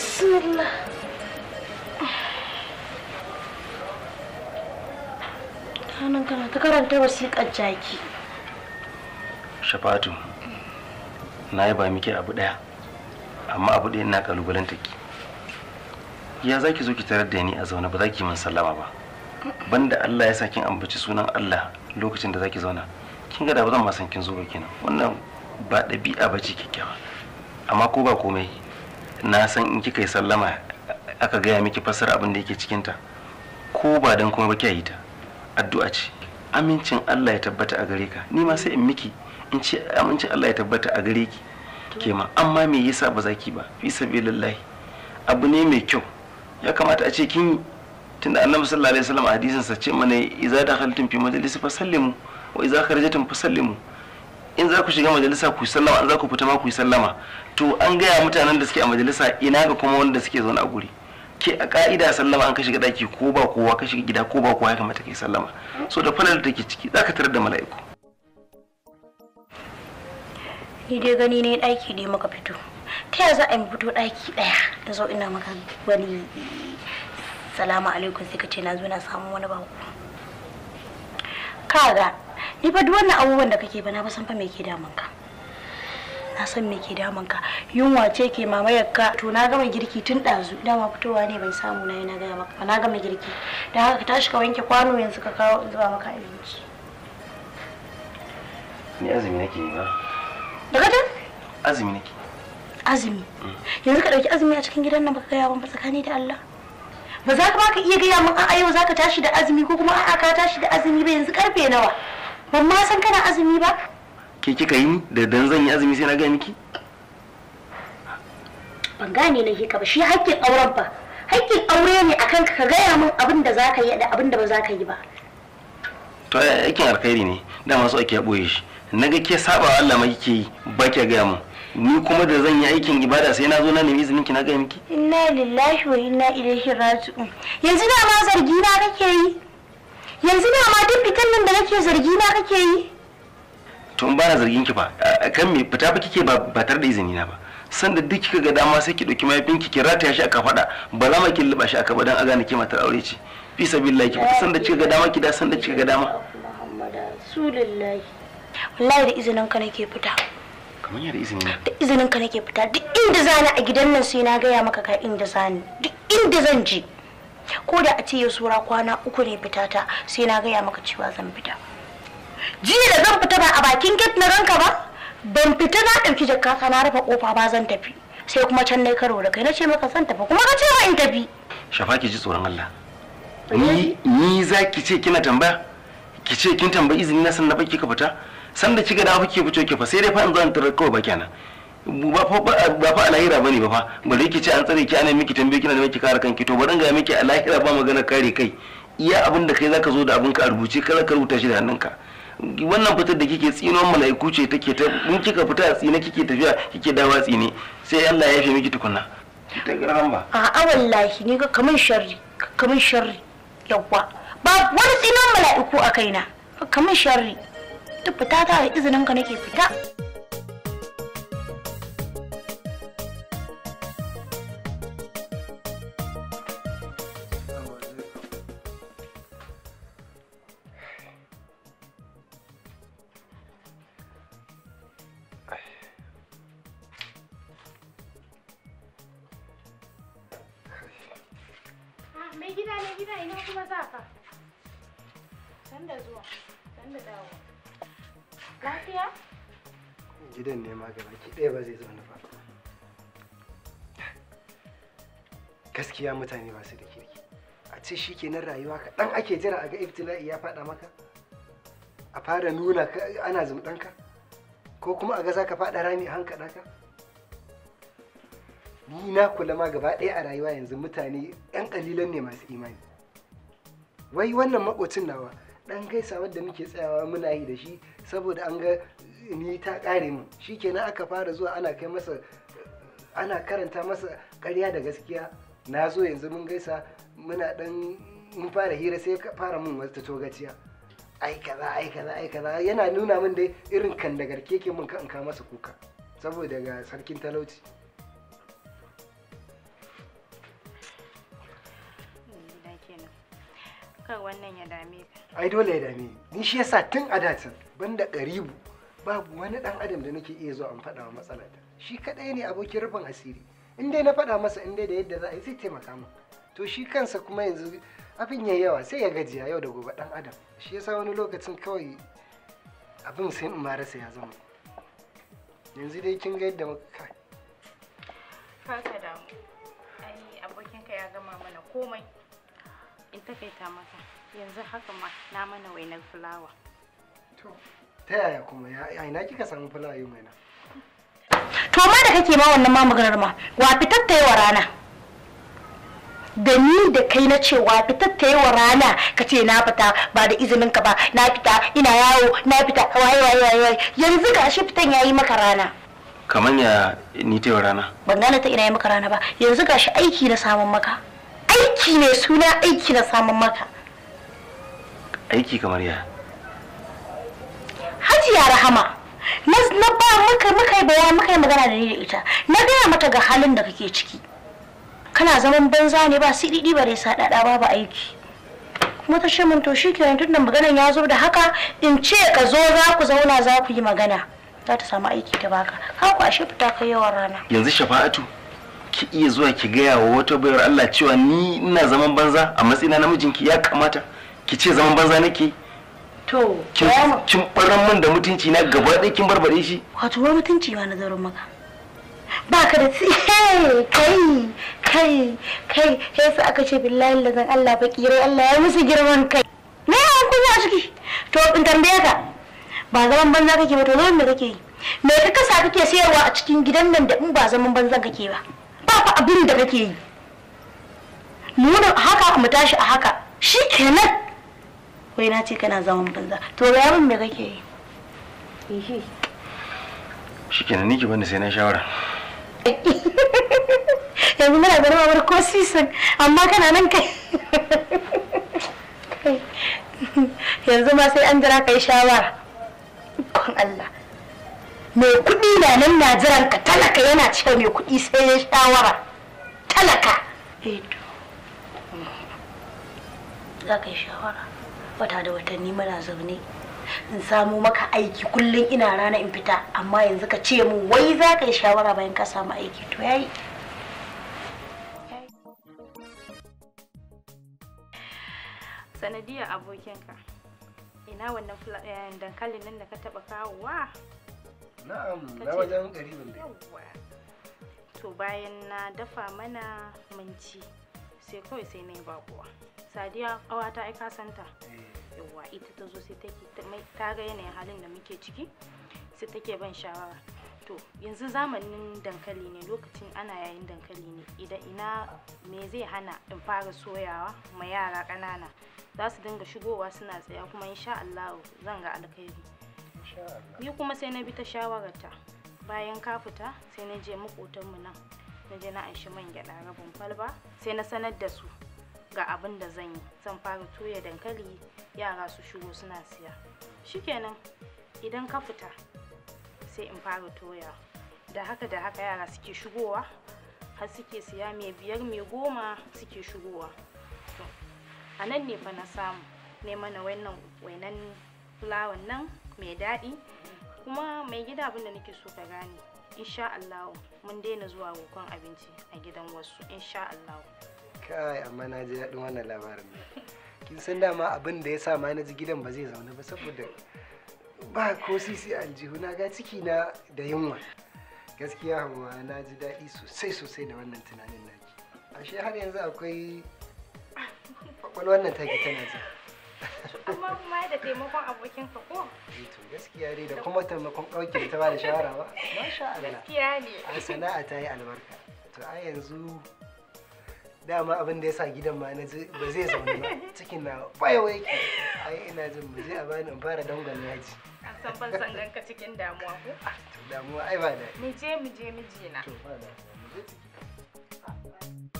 بسم الله kana ta karanta wasiƙar jaki shafatu na yi ba miki abu ɗaya amma abu ɗaya ina kalubalanta ki ya za ki zo ki tarar da ni a zaune ba za ki min sallama ba banda Allah ya sa kin ambaci sunan Allah lokacin da za ki zauna kin ga da ba zan ma san kin zo ba kenan wannan ba ɗabi'a ba ce kyakkyawa amma ko ba komai na san in kika yi sallama aka gaya miki fassara abin da yake cikinta ko ba dan kuma ba kya yi ta addu'a ce amincin Allah ya tabbata a gare ka ni ma sai in miki in ce amincin Allah ya tabbata a gare ki ke ma amma me yasa ba za ki ba fi sabilillah abu ne mai kyau ya kamata a ce kin tunda annabi sallallahu alaihi wasallam a hadisin sa ce mana idza dakhaltum fi majlis fasallimu wa idza kharajtum fasallimu in za ku shiga majalisa ku sallama in za ku fita ma ku sallama to an gaya mutanen da suke a majalisa ina ga kuma wanda suke zaune a guri ke a ka'ida sallama an ka shiga daki ko ba kowa ka shiga gida ko ba kowa ya kamata kai sallama so da falal da ke ciki za ka tarar da mala'iku ni dai gani ne daki dai muka fito ta yaya za a yi fito daki daya da zo ina maka wani salamu alaikum sai ka ce na zo na samu wani bako kaga ni fa duk wannan abubuwan da kake ba na ba san fa me ke damun ka na san me ke damun ka yunwa ce ke mamayar ka to na gama girki tun ɗazu dama fitowa ne ban samu na yi na gaya maka na gama girki da haka ka tashi ka wanke kwano yanzu ka kawo in zuba maka abinci ni azumi nake yi ba ka tun azumi nake azumi mm. yanzu ka ɗauki azumi a cikin gidan nan baka gaya ban ba tsakani da Allah ba za ka ba ka iya gaya min a'a yau za ka tashi da azumi ko kuma a'a ka tashi da azumi ba yanzu karfe nawa ban ma san kana azumi ba ke kika yi da dan zan yi azumi sai na ga miki ban gane na ka ba shi haƙƙin auren fa haƙƙin aure ne akan ka gaya min abin da za ka yi da abin da ba za ka yi ba to aikin alkhairi ne da masu ake ɓoye shi na ga ke saba wa Allah ma kike yi ba ke gaya min ni kuma da zan yi aikin ibada sai na zo na nemi izinin ki na ga miki inna lillahi wa inna ilaihi raji'un yanzu da ma zargi na kake yi yanzu na ma duk fitan nan da nake zargi na kake yi tun bana zargin ki ba kan me fita ba kike ba tare da izini na ba da duk kika ga dama sai ki dauki mai ki ki rataya shi aka fada ba za ma ki luba shi aka ba dan a gane ki matar aure ce fi sabillahi ki fita da kika ga dama ki da san da kika ga dama wallahi da izinin ka nake fita kamar ya da izini na da izinin ka nake fita duk inda zani a gidan nan sai na gaya maka ka inda zani duk inda zan je ko da a ce ya sura kwana uku ne fita ta sai na gaya maka cewa zan fita jiya da zan fita ba a bakin gate na ranka ba ban fita na ɗauki jakka na rufe kofa ba zan tafi sai kuma can na karo da kai na ce maka zan tafi kuma ka ce ma in tafi shafaki ji tsoron Allah eh? ni ni za ki ce kina tambaya ki ce kin tambayi izini na na baki ka fita sanda kika da kike fito ki fa sai dai fa in zo an tarar kawai ba kenan ba fa ba fa alahira bane ba fa ba ki ce an tsare ki ana miki tambaye kina da miki kare kanki to bari ga miki alahira ba magana kare kai iya abin da kai zaka zo da abin ka rubuce kada ka rubuta shi da hannunka wannan fitar da kike tsinon mala'iku ce take ta mun kika fita a tsine kike tafiya kike dawa tsine sai Allah ya yafe miki tukunna ta garan ba a'a wallahi ni ka kaman sharri kaman sharri yawwa ba wani tsinon mala'iku a kaina kaman sharri ta fita ta izinin ka nake fita gaskiya mutane ba su da kirki a ce shi kenan rayuwa kaɗan ake jira a ga ibtila'i ya faɗa maka a fara nuna ka ana zumɗanka ko kuma a ga za ka faɗa rami a hankaɗa ka ni na kula ma gaba ɗaya a rayuwa yanzu mutane ɗan ƙalilan ne masu imani wai wannan maƙocin nawa ɗan gaisa wanda muke tsayawa muna yi da shi saboda an ga ni ta ƙare mu shi kenan aka fara zuwa ana kai masa ana karanta masa ƙarya da gaskiya na zo yanzu mun gaisa muna dan mun fara hira sai ka fara mun wata togaciya ai kaza ai kaza ai kaza yana nuna min dai irin kan da garke ke mun kan ka masa kuka saboda ga sarkin talauci kan wannan ya dame ai dole ya dame ni shi yasa tun a dacin banda karibu babu wani dan adam da nake iya zuwa an faɗa wa matsala shi kadai ne abokin rufin asiri in dai na faɗa masa in dai da yadda za a yi zai taimaka min to shi kansa kuma yanzu abin ya yawa sai ya gajiya yau da gobe dan adam shi yasa wani lokacin kawai abin sai in ma rasa ya zama yanzu dai kin ga yadda muka kai fata da ai abokinka ya gama mana komai in ta ta masa yanzu haka ma na mana wainar fulawa to ta yaya kuma ya ina kika samu fulawa yau mai na to da kake ma wannan ma maganar ma wa fitar ta wa rana da ni da kai na ce wa fitar ta wa rana ka ce na fita ba da izinin ka ba na fita ina yawo na fita waye waye waye yanzu ga shi fitan yi maka rana kamar ya ni ta rana ban gane ta ina yi maka rana ba yanzu ga shi aiki na samun maka aiki ne suna aiki na samun maka aiki kamar ya hajiya rahama na ba muka muka baya muka magana da ni da ita na gaya mata ga halin da kake ciki kana zaman banza ne ba sididi bare sa dada babu aiki kuma ta ce min to shikenan tun da maganan ya zo da haka in ce ka zo za ku zauna za ku yi magana za ta samu aiki ta baka ka ku ashe fita kai yawan rana yanzu shafa'atu ki iya zuwa ki gaya wa wata bayar Allah cewa ni ina zaman banza a matsayina namijinki ya kamata ki ce zaman banza nake to kin barin man da mutunci na gaba ɗaya kin barbare shi wato wa mutunci ba na zaron maka ba ka da kai kai kai kai su aka ce billahi zan Allah ba rai Allah ya musu girman kai me ya ku kuma ciki to in tambaye ka ba zaman banza kake ba to zaman da kake yi me ka kasa kake sayarwa a cikin gidan nan da in ba zaman banzan kake ba ba fa abin da kake yi mu haka mu tashi a haka shi kenan. wai na ce kana zaman banza to ga min me kake yi shikenan ni ki bani sai na shawara yanzu muna da rawar ko sisan amma kana nan kai yanzu ma sai an jira kai shawara kon Allah mai kuɗi na nan na jiran ka talaka yana cewa mai kuɗi sai ya shawara talaka eh za ka yi shawara wata da watanni muna zaune in samu maka aiki kullum ina rana in fita amma yanzu ka ce mu wai za ka yi shawara bayan ka samu aiki to yayi sanadiyar abokinka ina wannan eh, dankalin nan da ka taba kawowa na'am na wajen garibin da to bayan na dafa mana mun sai kawai sai na yi bakuwa sadiya ƙawata ta aika santa eh. yawa ita ta zo sai take ta ga yanayin halin da muke ciki sai take ban shawara to yanzu zamanin dankali ne lokacin ana yayin dankali ne idan ina me zai hana in fara soyawa ma yara ƙanana za su dinga shigowa suna tsaya kuma insha Allah zan ga alkhairi ni kuma sai na bi ta shawararta bayan ka fita sai na je makotanmu nan na je na anshi man gyaɗa rabin kwalba sai na sanar da su ga abin da zan yi zan fara tuya dankali yara su shigo suna siya shikenan idan ka fita sai in fara toya da haka da haka yara suke shigowa har suke siya mai biyar mai goma suke shigowa to a nan ne fa na samu ne mana wannan wainan fulawan nan mai daɗi kuma mai gida abin da nake so ka gane insha Allah mun daina zuwa gokon abinci a gidan wasu insha Allah kai amma na ji daɗin wannan labarin kin san dama abin da ya sa ma na ji gidan ba zai zauna ba saboda ba ko sisi aljihu na ga ciki na da yunwa gaskiya hawa na ji daɗi sosai sosai da wannan tunanin naki ashe har yanzu akwai kwakwalwar nan take tana ji amma kuma da taimakon abokin ka ko eh to gaskiya dai da kuma taimakon ɗauke ta ba da shawara ba masha Allah gaskiya ne a sana'a ta yi albarka to a yanzu dama abin da ya sa gidan ma na ba zai zauna ba cikin na bayawa yake ai ina jin mu je a bani in fara dangon yaji an san ban san ganka cikin damuwa ko ah, to damuwa ai ba da mu je mu je mijina to ba da mu je ciki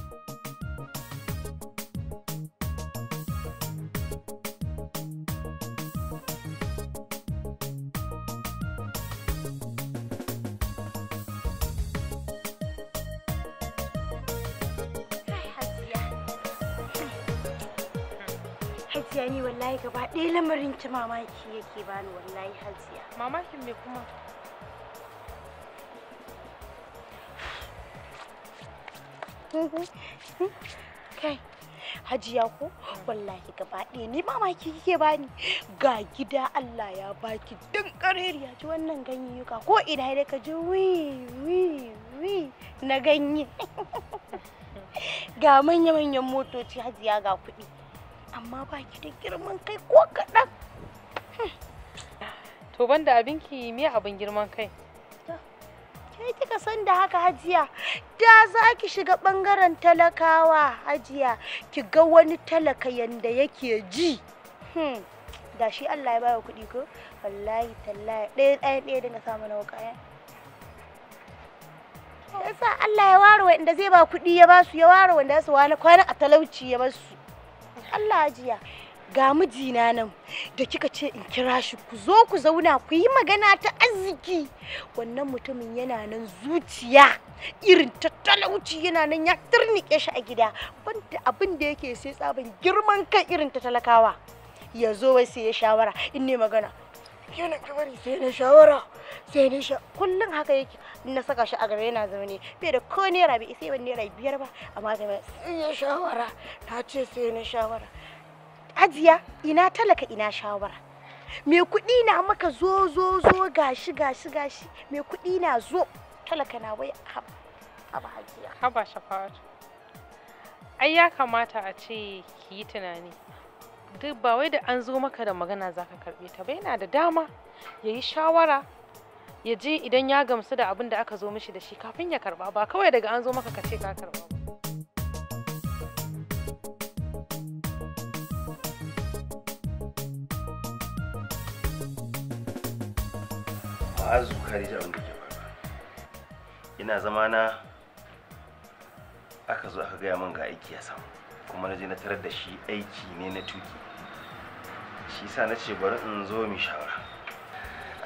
wallahi gaba ɗaya lamarin ki mamaki yake bani wallahi hajiya mamakin me kuma kai hajiya ko wallahi gaba ɗaya ni mamaki kike bani ga gida Allah ya baki din ya ji wannan ganye yuka ko ina da ka ji wi wi wi na ganye ga manya-manyan motoci hajiya ga kuɗi amma ba ki da girman kai ko kaɗan. Hmm. To ban da abinki me abin girman kai? Ke kika san da haka hajiya, da za ki shiga ɓangaren talakawa hajiya, ki ga wani talaka yanda yake ji. Hmm. Da shi Allah ya baya kuɗi ko? Wallahi tallahi ɗaya ɗaya ɗaya dinga samu na wakaya. Yasa Allah ya ware wanda zai ba kuɗi ya ba su ya ware wanda ya su kwana a talauci ya ba su. Allah ajiya ga mijina nan da kika ce in kira shi ku zo ku zauna ku yi magana ta arziki wannan mutumin yana nan zuciya irin ta yana nan ya turnike shi a gida banda abin da yake sai tsaban girman kai irin ta talakawa ya zo wai sai ya shawara in ne magana ke na ki bari sai na shawara sai na sha kullum haka yake na saka shi a gaba yana zaune bai da ko naira bai sai ban naira biyar ba amma zama sai na shawara ta ce sai na shawara ajiya ina talaka ina shawara me kuɗi na maka zo zo zo gashi gashi gashi me kuɗi na zo talaka na wai haba hajiya haba shafa'atu ai ya kamata a ce ki yi tunani duk ba wai da an zo maka da magana za ka karɓe ta ba yana da dama ya yi shawara ya ji idan ya gamsu da abin da aka zo mishi da shi kafin ya karɓa ba kawai daga an zo maka ka ce ka karɓa ba ma'azu abin da ke ina zamana aka zo aka gaya min ga aiki ya samu kuma na je na tarar da shi aiki ne na tuki shi sa na ce bari in zo mi shawara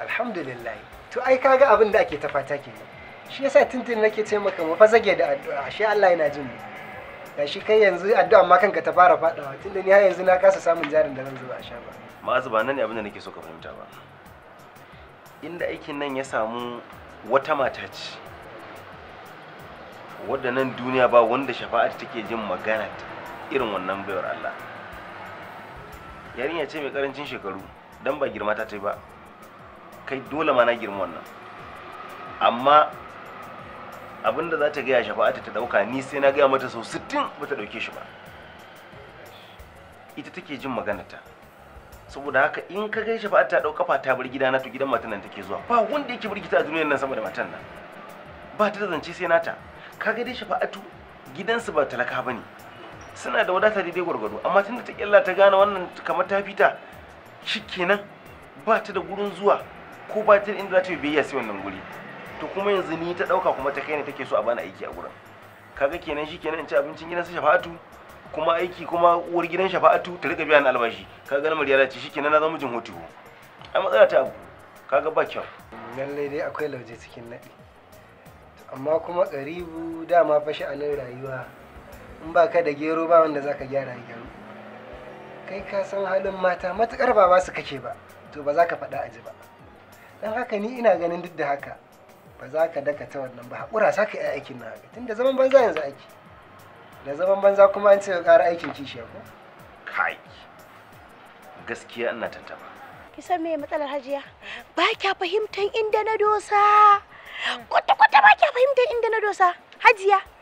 alhamdulillah to ai kaga abin da ake tafata ke shi yasa tuntun nake ce maka mu fa zage da addu'a shi Allah yana jin mu ga shi kai yanzu addu'a ma kanka ta fara fadawa tunda ni har yanzu na kasa samun jarin da zan zuba a sha ba ma'azu ba nan ne abin da nake so ka fahimta ba inda aikin nan ya samu wata mata ce waɗannan duniya ba wanda shafa'a take jin magana ta irin wannan baiwar Allah yarinya ce mai karancin shekaru don ba girma ta ta ba kai dole ma na girma wannan amma abinda za ta gaya shafa'atu ta dauka ni sai na gaya mata sau sittin ba ta dauke shi ba ita take jin maganata saboda haka in ka gai shafa'atu ta dauka fa ta bar gidana to gidan matan nan take zuwa ba wanda yake gida a duniyar nan sama matan nan ba ta da zance sai nata kaga dai shafa'atu gidansu ba talaka bane suna da wadata daidai gwargwado amma tunda ta kyalla ta gane wannan kamar ta fita shikenan ba ta da gurin zuwa ko ba ta inda za ta yi biyayya sai wannan guri to kuma yanzu ni ta dauka kuma ta kai ne take so a bani aiki a gurin kaga kenan shikenan in ci abincin gidan su shafa'atu kuma aiki kuma uwar gidan shafa'atu ta rika biya ni albashi kaga na murya ce shikenan na zama jin hoto a matsala ta abu kaga ba kyau lallai dai akwai lauje cikin naɗi amma kuma ƙaribu dama a nan rayuwa in ba ka da gero ba wanda za ka gyara gero kai ka san halin mata matukar ba ba su kake ba to ba za ka faɗa aji ba don haka ni ina ganin duk da haka ba za ka daka ta wannan ba haƙura sa ka yi aikin na haka tunda zaman banza yanzu aiki da zaman banza kuma an ce ka ƙara aikin kishiya ko kai gaskiya ina tantama ki san me matsalar hajiya ba kya fahimtar inda na dosa hmm. kwata-kwata ba kya fahimtar inda na dosa hajiya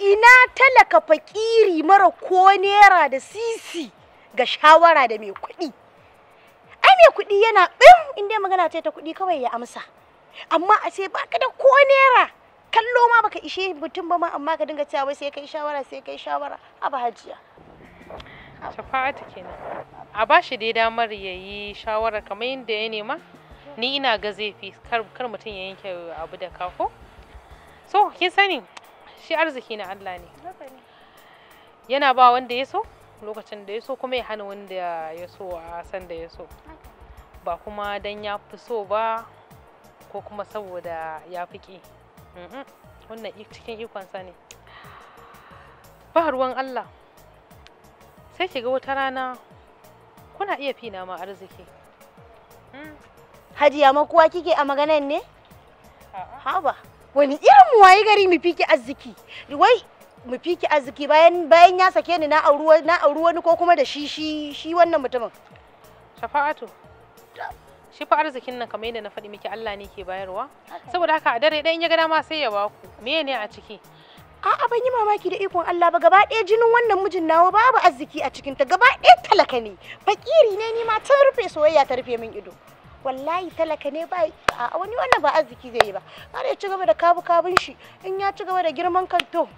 ina talaka fakiri mara ko nera da sisi ga shawara da mai kuɗi ai mai kuɗi yana in inda magana ce ta kuɗi kawai ya amsa amma a ce baka da ko nera kallo ma baka ishe mutum ba ma amma ka dinga cewa sai kai shawara sai kai shawara a hajiya shafa'atu kenan a shi dai damar ya yi shawara kamar yadda ya nema ni ina ga zai kar mutum ya yanke abu da kafo? so kin sani shi arziki na Allah ne yana ba wanda ya so lokacin da ya so kuma ya hana wanda ya so a san da ya so ba kuma don ya fi so ba ko kuma saboda ya fi ƙi wannan cikin ikonsa ne ba ruwan Allah sai ki ga wata rana kuna iya fina hmm. ma arziki hajiya makuwa kike a maganan ne ba wani irin mu waye gari mu fiki arziki wai mu fiki arziki bayan bayan ya sake ni na auri na auri wani ko kuma da shi shi shi wannan mutumin shafa'atu shi fa arzikin nan kamar yadda na faɗi miki Allah ne ke bayarwa saboda haka a dare in ya ga dama sai ya ba ku me ne a ciki a'a ban yi mamaki da ikon Allah ba gaba ɗaya jinin wannan mijin nawa babu arziki a cikinta gaba ɗaya talaka ne fakiri ne ni ma ta rufe soyayya ta rufe min ido wallahi talaka ne ba a wani wannan ba arziki zai yi ba har ya ci gaba da kabu kabun shi in ya ci gaba da girman kan to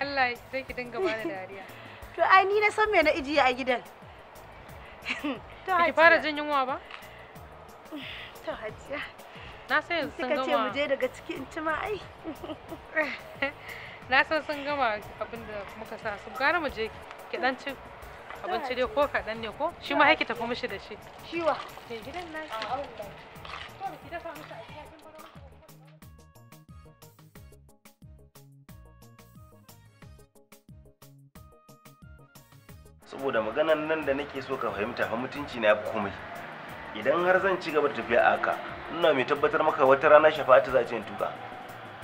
Allah zai ki dinga bada dariya to ai ni na san me na ijiya a gidan to ki fara jin yunwa ba to hajiya na san sun gama ce mu je daga ciki in ci ma ai na san sun gama abinda muka sa su gara mu je ki dan ci abinci dai ko kaɗan ne ko shi ma tafi mishi da shi shiwa ke gidan nan ah, saboda maganan nan da nake so ka fahimta fa mutunci na yafi komai idan har zan ci gaba da tafiya a haka ina mai tabbatar maka wata rana shafa'atu za ta yi tuka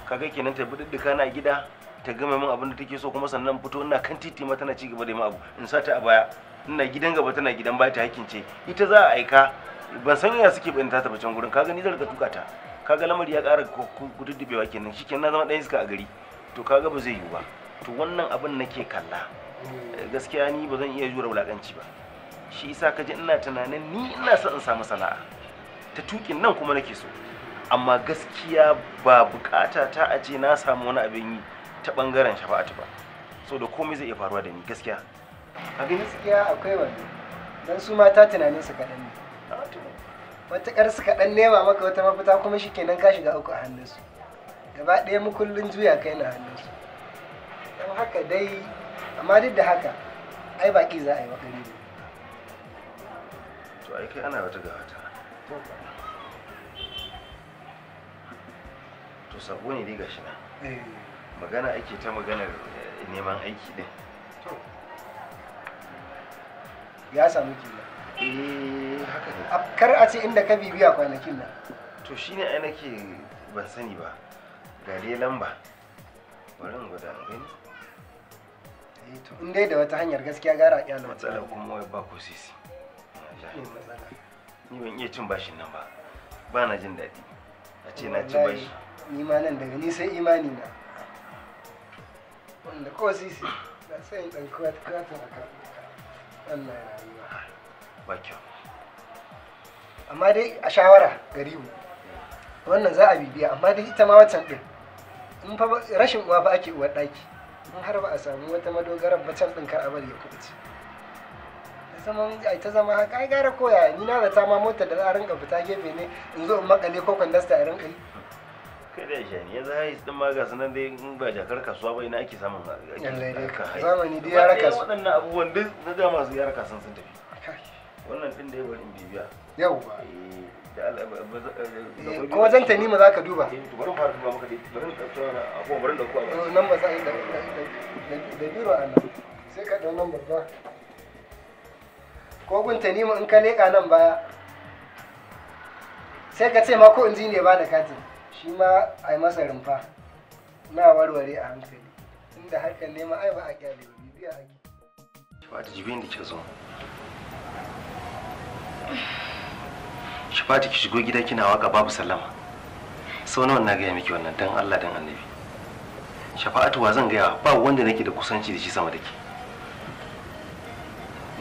kaga kenan ta bi diddika na gida ta gama min abin da take so kuma sannan fito ina kan titi ma tana ci gaba da yin abu in sa ta a baya ina gidan gaba tana gidan baya ta hakkin ce ita za a aika ban san ya suke bayan ta tafi can gurin kaga ni zan rika tuka ta kaga lamari ya kara gududdubewa kenan shikenan na zama ɗayan iska a gari to kaga ba zai yiwu ba to wannan abin nake kalla eh, gaskiya ni ba zan iya jura wulakanci ba shi isa kaje ina tunanin ni ina son in samu sana'a ta tukin nan kuma nake so amma gaskiya ba bukata ta a ce na samu wani abin yi ta bangaren shafa'atu ba so da komai zai iya faruwa da ni gaskiya a gani gaskiya akwai wani dan su mata tunanin su kaɗan ne matuƙar su kaɗan nema maka wata mafita kuma shi kenan ka shiga uku a hannunsu gaba ɗaya mu kullun juya kai na hannunsu don haka dai amma duk da haka ai baki za a yi wa ne to ai kai ana wata ga wata to sabo ne dai gashi na eh. magana ake ta maganar eh, neman aiki din ya samu kila. eh haka ne kar a ce inda ka bibiya kwanakin nan to shine ai nake ban sani ba ga dai lamba bari in gwada gani eh, in dai da wata hanyar gaskiya gara iya nan matsala kuma wai ba ko sisi ni ban iya cin bashin nan ba ba na jin daɗi a ce na ci bashi ni ma nan daga ni sai imani na wanda ko sisi da sai ɗan katin a kan wannan rayuwa ba kyau amma dai a shawara gari garibu wannan za a bibiya amma dai ita ma watan ɗin in fa rashin uwa ba ake uwar ɗaki in har ba a samu wata madogarar ba can ɗin kar a bari ya kuɓuce zaman ai ta zama haka ai gara koya ni na zata ma motar da za a rinka fita gefe ne in zo in makale ko kwandasta a rinka yi kai da shani yanzu hais din ma ga sanan dai in ba jakar kasuwa ba ina ake samun zamani dai ya raka su waɗannan abubuwan duk na da masu ya raka sun tafi wannan ɗin da ya bari in bibiya yau eh, ba eh, eh, ko wajen ta nima za ka duba bari fara duba maka dai bari ka tsara abuwa bari da kuwa ba nan ba sai da da biro a nan sai ka ɗau nan babba ko gun ta nima in ka leƙa nan baya sai ka ce ma ko in ji ba da katin shi ma a yi masa rumfa na warware a hankali inda hakan ne ai ba a kyale ba bibiya ake shafatu jibin da ke zo ta ki shigo gida kina waka babu sallama sau nawa na gaya miki wannan dan allah dan annabi shafa'atu wa zan gaya ba wanda nake da kusanci da shi sama da ke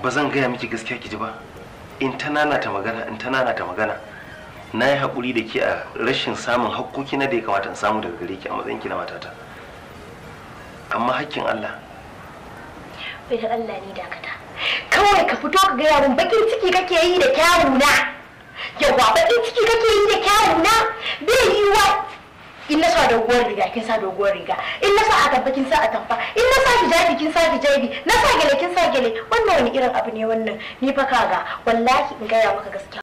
ba zan gaya miki gaskiya ki ji ba in ta ta magana in ta ta magana na yi haƙuri da ke a rashin samun haƙƙoƙi na da ya kamata in samu daga gare ki a matsayin ki na matata amma hakkin Allah bai da Allah ne dakata kawai ka fito ka gaya mun bakin ciki kake yi da kyawuna yawa bakin ciki kake yi da kyawuna bai yi wa in na sa doguwar riga kin sa doguwar riga in na sa atamfa kin sa atamfa in na sa hijabi kin sa hijabi na sa gele kin sa gele wannan wani irin abu ne wannan ni fa kaga wallahi in gaya maka gaskiya